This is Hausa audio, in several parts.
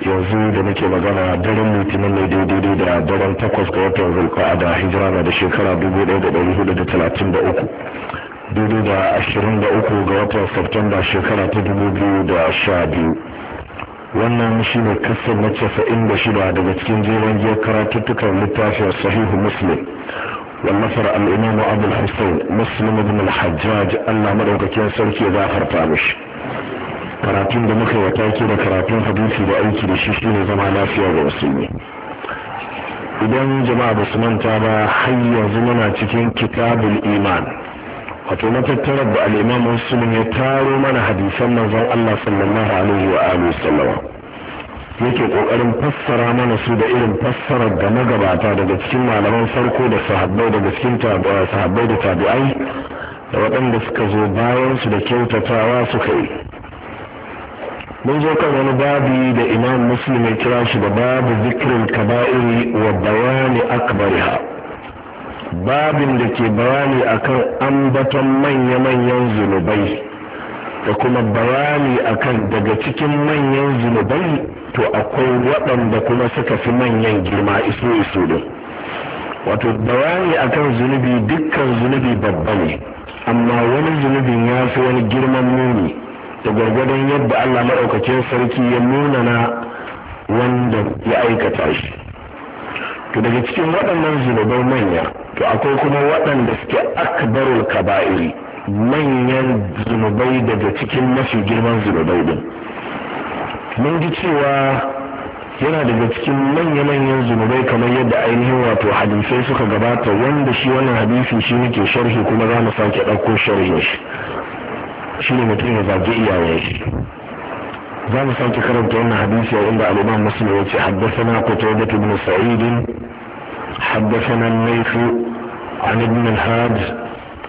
yanzu da nake magana daren litinin ne daidai da daren takwas ga watan a da hijira na da shekara dubu ɗaya da ɗari hudu talatin da uku daidai da ashirin da uku ga watan Satumba shekara ta dubu biyu da sha biyu wannan shi ne kasar na casa'in da shida daga cikin jeron giyar karatuttukan littafin sahihu muslim wallafar al'imamu abul hussein muslim ibn al-hajjaj allah madaukakin sarki ya gafarta mishi karatun da muka wata ke da karatun hadisi da aiki da shi shine zama lafiya ga musulmi idan jama'a ba su manta ba har yanzu muna cikin kitabul iman wato matattarar da al'imam muslim ya taro mana hadisan manzon Allah sallallahu alaihi wa alihi sallama yake kokarin fassara mana su da irin fassarar da magabata daga cikin malaman farko da sahabbai daga cikin sahabbai da tabi'ai da waɗanda suka zo bayan su da kyautatawa suka yi mun zo kan wani babi da imam muslim ya kira shi da babu zikirin kaba'iri wa bayani akbariha babin da ke bayani akan ambaton manya-manyan zunubai da kuma bayani akan daga cikin manyan zunubai to akwai waɗanda kuma suka fi manyan girma iso iso din wato bayani akan zunubi dukkan zunubi babba ne amma wani zunubin ya fi wani girman muni da gwargwadon yadda Allah maɗaukacin sarki ya nuna na wanda ya aikata shi to daga cikin waɗannan zunubai manya to akwai kuma waɗanda suke akbarul kaba'iri manyan zunubai daga cikin mafi girman zunubai din mun ji cewa yana daga cikin manya-manyan zunubai kamar yadda ainihin wato hadisai suka gabata wanda shi wannan hadisi shi muke sharhi kuma za mu sake ɗauko sharhin shi shine mutum ya zagi iyaye shi za mu sake karanta wannan hadisi a inda al'imam muslim ya ce haddasana qutaybah ibn sa'id حدثنا الليث عن ابن الحاج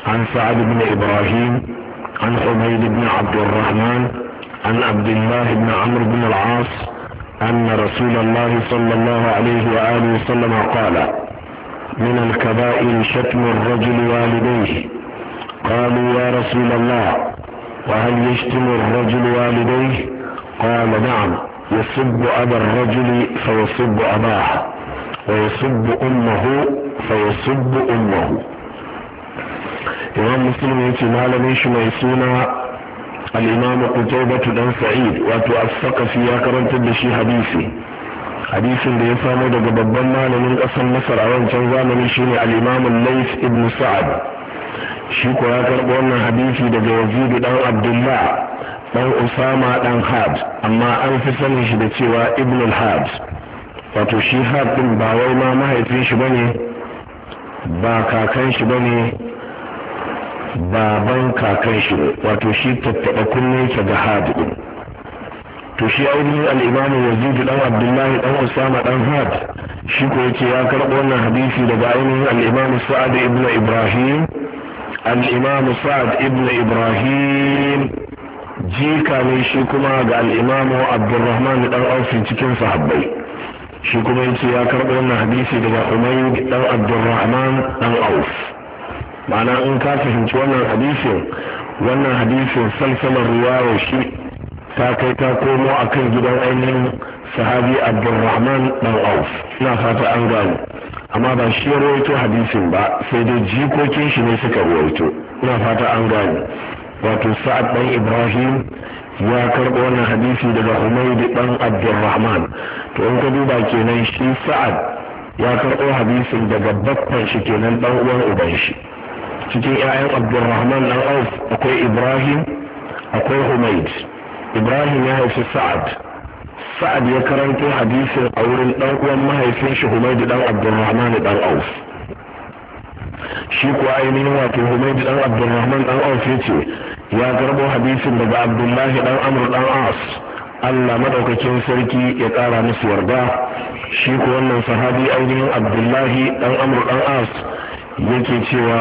عن سعد بن ابراهيم عن حميد بن عبد الرحمن عن عبد الله بن عمرو بن العاص ان رسول الله صلى الله عليه واله وسلم قال من الكبائر شتم الرجل والديه قالوا يا رسول الله يشتم الرجل والديه قال نعم يسب أبا الرجل فيسب أباه ويسب أمه فيسب أمه إمام مسلم يتي ما لم يشم يسونا الإمام قتيبة بن سعيد واتوفق في اكرم بشي حديثي حديث اللي ya samo daga babban malamin ƙasar masar a الامام الليث ابن سعد shi ko ya karbo wannan hadisi daga yazidu dan abdullah dan usama dan had amma an fi sanin shi da cewa ibn al-had wato shi had din ba wai ma mahaifin shi bane ba kakan shi bane baban kakan shi ne wato shi tattaɓa kunne ga had din to shi ainihin al'imamu yazid dan abdullahi dan usama dan had shi ko yake ya karɓo wannan hadisi daga ainihin al'imamu sa'ad ibnu ibrahim al'imamu sa'ad ibn ibrahim jika shi kuma ga al'imamu abdurrahman dan aufin cikin sahabbai shi kuma yace ya karɓi wannan hadisi daga umayyu dan abdurrahman dan auf ma'ana in ka fahimci wannan hadisin wannan hadisin salsalar ruwaya shi ta kai ta komo a kan gidan ainihin sahabi abdurrahman dan aus ina fata an gano amma ba shi ya rawaito hadisin ba sai dai jikokin shi ne suka rawaito ina fata an gane wato sa'ad dan ibrahim ya karɓo wannan hadisi daga humaydi dan abdurrahman to in ka duba kenan shi sa'ad ya karɓo hadisin daga baffan shi kenan dan uwan uban shi cikin 'ya'yan abdurrahman dan auf akwai ibrahim akwai humayd ibrahim ya haifi sa'ad sa'ad ya karanto hadisin a wurin dan uwan mahaifin shi Humaydi dan Abdulrahman dan Auf shi kuwa ainihin wato Humaydi dan Abdulrahman dan Auf yace ya karbo hadisin daga Abdullahi dan Amr dan As Allah madaukakin sarki ya kara musu yarda shi ko wannan sahabi ainihin Abdullahi dan Amr dan As yake cewa